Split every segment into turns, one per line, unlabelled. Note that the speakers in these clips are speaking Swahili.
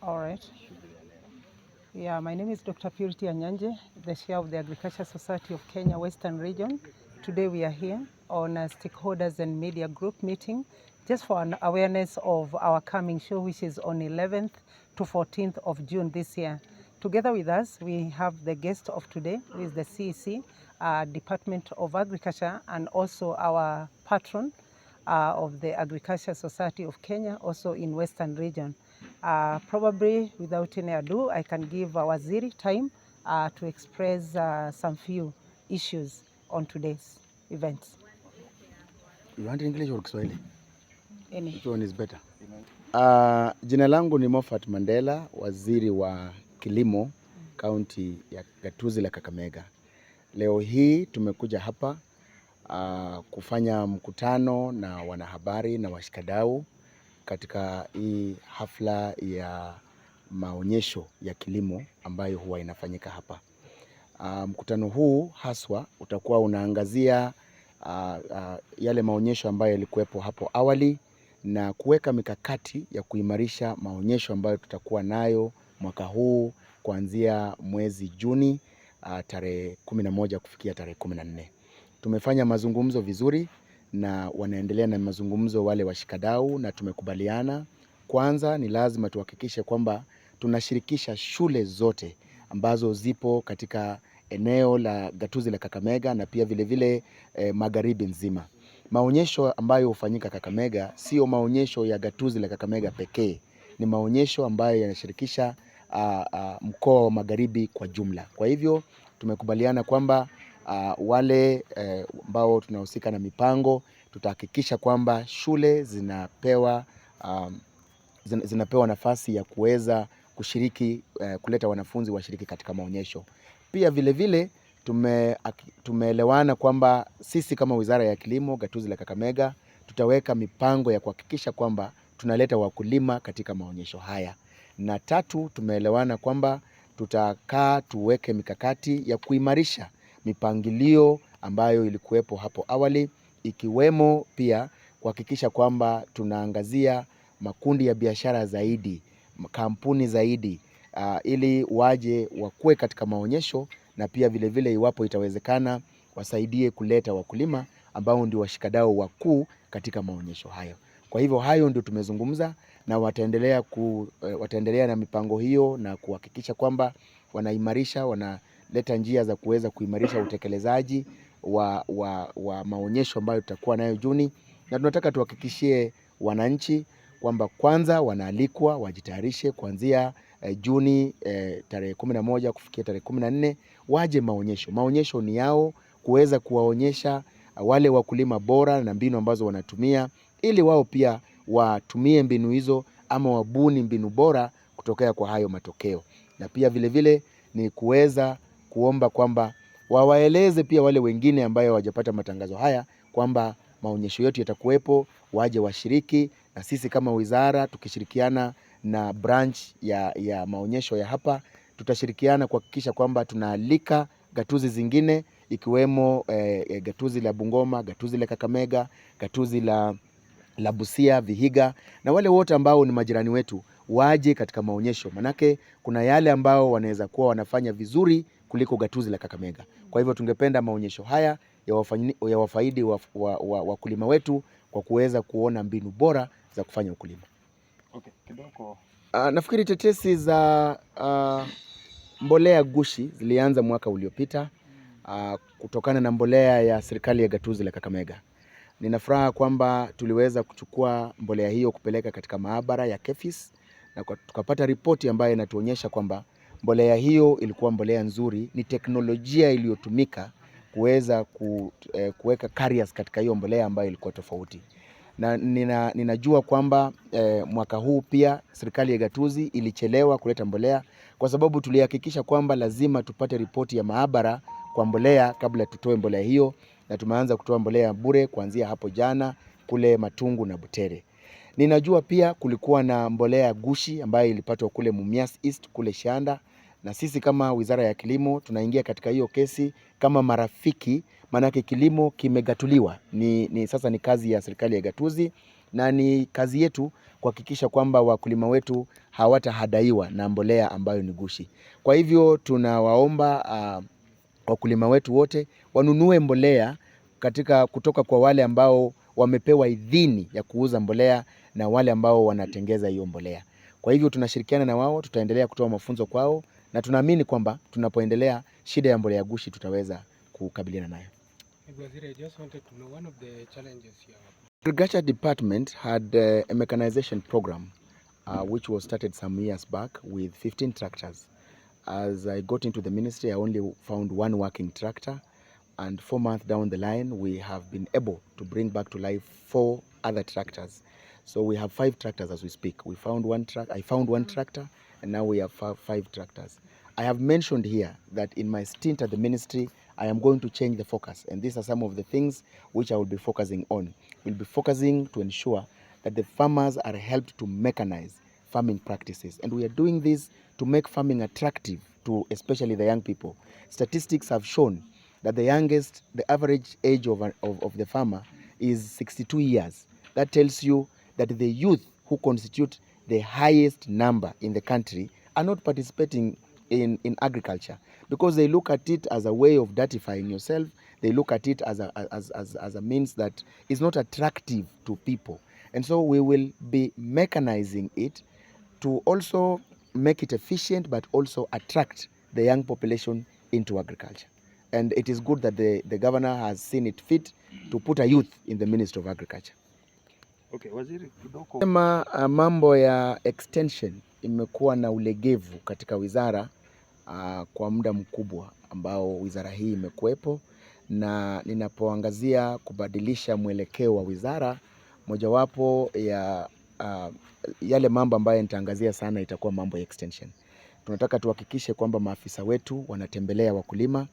All right. Yeah, my name is Dr. Purity Anyanje, the chair of the Agriculture Society of Kenya Western Region. Today we are here on a stakeholders and media group meeting just for an awareness of our coming show which is on 11th to 14th of June this year. Together with us, we have the guest of today, who is the CEC, uh, Department of Agriculture, and also our patron uh, of the Agriculture Society of Kenya, also in Western Region. Uh, probably without any ado, I can give our Waziri time uh, to express uh, some few issues on today's event.
You want English or Kiswahili? Any. Which one is better? Uh, jina langu ni Moffat Mandela, waziri wa kilimo kaunti ya gatuzi la Kakamega. Leo hii tumekuja hapa uh, kufanya mkutano na wanahabari na washikadau katika hii hafla ya maonyesho ya kilimo ambayo huwa inafanyika hapa. Ah, mkutano um, huu haswa utakuwa unaangazia uh, uh, yale maonyesho ambayo yalikuwepo hapo awali na kuweka mikakati ya kuimarisha maonyesho ambayo tutakuwa nayo mwaka huu kuanzia mwezi Juni uh, tarehe 11 kufikia tarehe 14. Tumefanya mazungumzo vizuri na wanaendelea na mazungumzo wale washikadau, na tumekubaliana kwanza, ni lazima tuhakikishe kwamba tunashirikisha shule zote ambazo zipo katika eneo la gatuzi la Kakamega na pia vilevile vile, eh, magharibi nzima. Maonyesho ambayo hufanyika Kakamega sio maonyesho ya gatuzi la Kakamega pekee, ni maonyesho ambayo yanashirikisha ah, ah, mkoa wa magharibi kwa jumla. Kwa hivyo tumekubaliana kwamba uh, wale eh, ambao uh, tunahusika na mipango tutahakikisha kwamba shule zinapewa, um, zinapewa nafasi ya kuweza kushiriki uh, kuleta wanafunzi washiriki katika maonyesho. Pia vilevile tume, tumeelewana kwamba sisi kama Wizara ya Kilimo Gatuzi la Kakamega tutaweka mipango ya kuhakikisha kwamba tunaleta wakulima katika maonyesho haya. Na tatu, tumeelewana kwamba tutakaa tuweke mikakati ya kuimarisha mipangilio ambayo ilikuwepo hapo awali, ikiwemo pia kuhakikisha kwamba tunaangazia makundi ya biashara zaidi, kampuni zaidi, uh, ili waje wakuwe katika maonyesho na pia vilevile vile iwapo itawezekana wasaidie kuleta wakulima ambao ndio washikadau wakuu katika maonyesho hayo. Kwa hivyo hayo ndio tumezungumza na wataendelea, ku, eh, wataendelea na mipango hiyo na kuhakikisha kwamba wanaimarisha wana leta njia za kuweza kuimarisha utekelezaji wa, wa, wa maonyesho ambayo tutakuwa nayo Juni, na tunataka tuhakikishie wananchi kwamba kwanza wanaalikwa wajitayarishe kuanzia eh, Juni eh, tarehe kumi na moja kufikia tarehe kumi na nne waje maonyesho. Maonyesho ni yao kuweza kuwaonyesha eh, wale wakulima bora na mbinu ambazo wanatumia ili wao pia watumie mbinu hizo ama wabuni mbinu bora kutokea kwa hayo matokeo, na pia vilevile vile ni kuweza kuomba kwamba wawaeleze pia wale wengine ambayo hawajapata matangazo haya kwamba maonyesho yetu yatakuwepo, waje washiriki, na sisi kama wizara tukishirikiana na branch ya, ya maonyesho ya hapa tutashirikiana kuhakikisha kwamba tunaalika gatuzi zingine ikiwemo eh, eh, gatuzi la Bungoma, gatuzi la Kakamega, gatuzi la, la Busia, Vihiga na wale wote ambao ni majirani wetu waje katika maonyesho, manake kuna yale ambao wanaweza kuwa wanafanya vizuri kuliko gatuzi la Kakamega. Kwa hivyo tungependa maonyesho haya ya wafaidi wakulima wa, wa wetu kwa kuweza kuona mbinu bora za kufanya ukulima. Okay, kidogo. Uh, nafikiri tetesi za uh, mbolea gushi zilianza mwaka uliopita uh, kutokana na mbolea ya serikali ya gatuzi la Kakamega. Nina furaha kwamba tuliweza kuchukua mbolea hiyo kupeleka katika maabara ya KEPHIS na tukapata ripoti ambayo inatuonyesha kwamba Mbolea hiyo ilikuwa mbolea nzuri, ni teknolojia iliyotumika kuweza eh, kuweka carriers katika hiyo mbolea ambayo ilikuwa tofauti na nina, ninajua kwamba eh, mwaka huu pia serikali ya gatuzi ilichelewa kuleta mbolea kwa sababu tulihakikisha kwamba lazima tupate ripoti ya maabara kwa mbolea kabla tutoe mbolea hiyo, na tumeanza kutoa mbolea bure kuanzia hapo jana kule Matungu na Butere. Ninajua pia kulikuwa na mbolea ya gushi ambayo ilipatwa kule Mumias East kule Shanda, na sisi kama Wizara ya Kilimo tunaingia katika hiyo kesi kama marafiki, maanake kilimo kimegatuliwa ni, ni sasa ni kazi ya serikali ya gatuzi na ni kazi yetu kuhakikisha kwamba wakulima wetu hawatahadaiwa na mbolea ambayo ni gushi. Kwa hivyo tunawaomba uh, wakulima wetu wote wanunue mbolea katika kutoka kwa wale ambao wamepewa idhini ya kuuza mbolea na wale ambao wanatengeza hiyo mbolea. Kwa hivyo tunashirikiana na wao, tutaendelea kutoa mafunzo kwao na tunaamini kwamba tunapoendelea, shida ya mbolea gushi tutaweza kukabiliana nayo.
Agriculture department had uh, a mechanization program uh, which was started some years back with 15 tractors. As I got into the ministry, I only found one working tractor and four months down the line, we have been able to bring back to life four other tractors. So we have five tractors as we speak. We found one track. I found one mm. tractor, and now we have five tractors. I have mentioned here that in my stint at the ministry, I am going to change the focus, and these are some of the things which I will be focusing on. We'll be focusing to ensure that the farmers are helped to mechanize farming practices, and we are doing this to make farming attractive to especially the young people. Statistics have shown that the youngest, the average age of, of, of the farmer is 62 years. That tells you that the youth who constitute the highest number in the country are not participating in, in agriculture because they look at it as a way of datifying yourself. They look at it as a, as, as, as a means that is not attractive to people. And so we will be mechanizing it to also make it efficient but also attract the young population into agriculture. and it is good that the, the governor has seen it fit to put a youth in the Ministry of Agriculture. Okay,
waziri kidogo sema uh, mambo ya extension imekuwa na ulegevu katika wizara uh, kwa muda mkubwa ambao wizara hii imekuwepo, na ninapoangazia kubadilisha mwelekeo wa wizara, mojawapo ya uh, yale mambo ambayo nitaangazia sana itakuwa mambo ya extension. Tunataka tuhakikishe kwamba maafisa wetu wanatembelea wakulima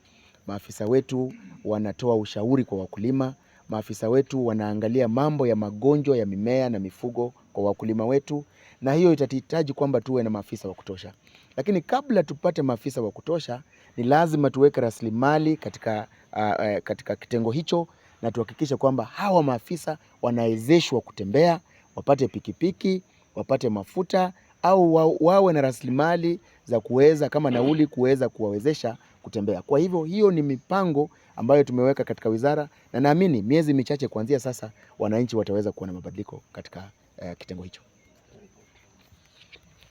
Maafisa wetu wanatoa ushauri kwa wakulima, maafisa wetu wanaangalia mambo ya magonjwa ya mimea na mifugo kwa wakulima wetu, na hiyo itahitaji kwamba tuwe na maafisa wa kutosha. Lakini kabla tupate maafisa wa kutosha, ni lazima tuweke rasilimali katika, uh, uh, katika kitengo hicho na tuhakikishe kwamba hawa maafisa wanawezeshwa kutembea, wapate pikipiki, wapate mafuta au wawe na rasilimali za kuweza kama nauli kuweza kuwawezesha kutembea. Kwa hivyo hiyo ni mipango ambayo tumeweka katika wizara, na naamini miezi michache kuanzia sasa wananchi wataweza kuona mabadiliko katika uh, kitengo hicho.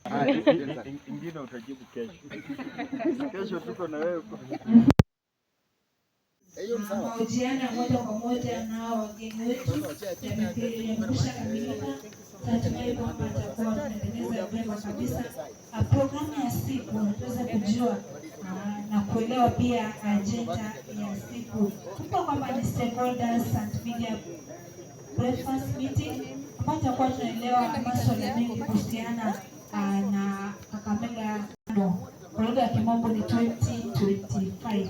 Ah, ingine utajibu kesho.
Kesho tuko na wewe. Kujiana moja kwa moja na wageni wetu amekwisha kamilika, natumai kwamba atakuwa tunaendeleza vyema kabisa programu ya siku, unaweza kujua leo pia ajenda ya siku tupo kwamba ni stakeholders and media breakfast meeting ambayo tutakuwa tunaelewa masuala mengi kuhusiana ah, na Kakamega kwa lugha ya kimombo ni 2025.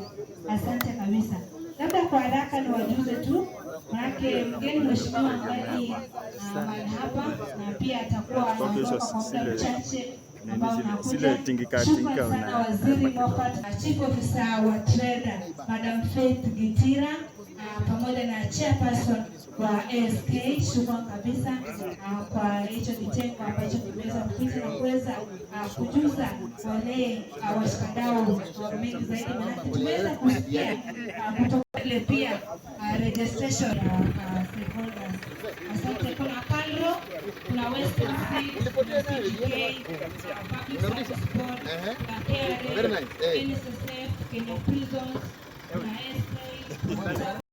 Asante kabisa. Labda kwa haraka ni wajuze tu manake mgeni mheshimiwa ngali ah, mahali hapa na pia atakuwa anatoka kwa muda mchache ambao nakuja shukrani sana Waziri Moffat Chief Officer wa TRADA Madam Faith Gitira ah, pamoja na chairperson wa ASK shukran kabisa ah, kwa hicho kitengo ambacho kimeweza kupita na kuweza ah, kujuza wale uh, washikadau mengi zaidi, manake tumeweza kusikia uh, kutoka ile pia registration stakeholders. Asante. Very nice.